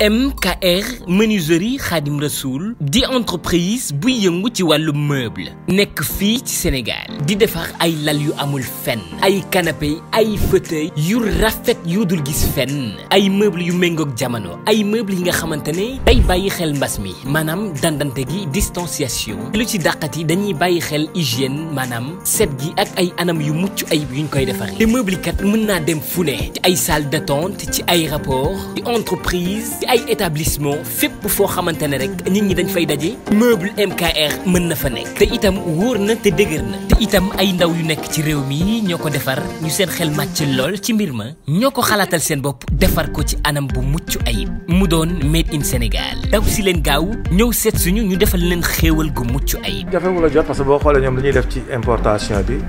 MKR menuiserie Khadim Rasoul di entreprise buy yëngu ci wàllu meuble nekk fii ci Sénégal di defar ay lal yu amul fenn ay canapé ay fauteuil yu rafet yu dul gis fenn ay meuble yu méngoog jamono ay meuble yi nga xamante ne day bàyyi xel mbas mi maanaam dandante gi distanciation lu ci yi dañuy bàyyi xel hygiène maanaam set gi ak ay anam yu mucc ayib yuñ koy defaree te meuble mën naa dem fu ne ci ay salle d'attente ci ay aéroport ci entreprise. ay établissement fépp foo xamante ne rek nit ñi dañ fay daje meuble MKR mën na fa nekk te itam wóor na te dëgër na te itam ay ndaw yu nekk ci réew mi ñoo ko defar ñu seen xel màcc lool ci mbir ma ñoo ko xalaatal seen bopp defar ko ci anam bu mucc ayib mu doon made in Sénégal daw si leen gaaw ñëw seet suñu ñu defal leen xéewal gu mucc ayib. jafewul a jot parce que boo xoolee ñoom li ñuy def ci importation bi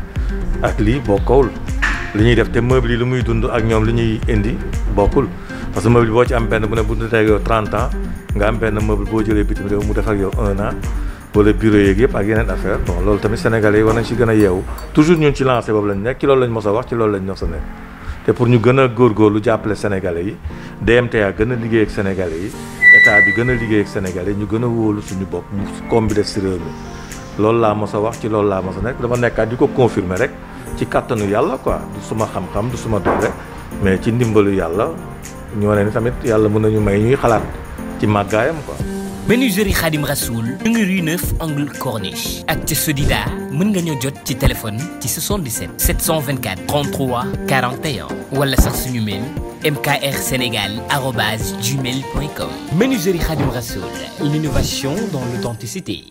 ak lii bokkul li ñuy def te meuble yi lu muy dund ak ñoom li ñuy indi bokkul. parce que meuble boo ci am benn bu ne bu ñu yow 30 ans nga am benn meuble boo jëlee bitim réew mu def ak yow un an wala bureau yeeg yëpp ak yeneen affaire bon loolu tamit sénégalais yi war nañ si gën a yeewu toujours ñun ci lancé boobu lañ nekk ci loolu lañ mos a wax ci loolu lañ a nekk te pour ñu gën a góorgóorlu jàppale sénégalais yi DMTA gën a liggéey ak sénégalais yi état bi gën a liggéey ak sénégalais ñu gën a wóolu suñu bopp mu koom bi loolu laa mos a wax ci loolu laa mos nekk dama nekkaat di ko confirmer rek ci kàttanu yàlla quoi suma xam-xam suma doole mais ci ndimbalu yàlla ñoo ne ni tamit yàlla mën nañu may ñuy xalaat ci màggaayam quoi. menuiserie Khadim Rassoul ñu ngi rue 9 angle corniche ak ca Sodida mën nga ñoo jot ci téléphone ci 77 724 33 41 wala sax suñu mail mkr sénégal arobase gmail point com Khadim Rassoul l'innovation dans l'authenticité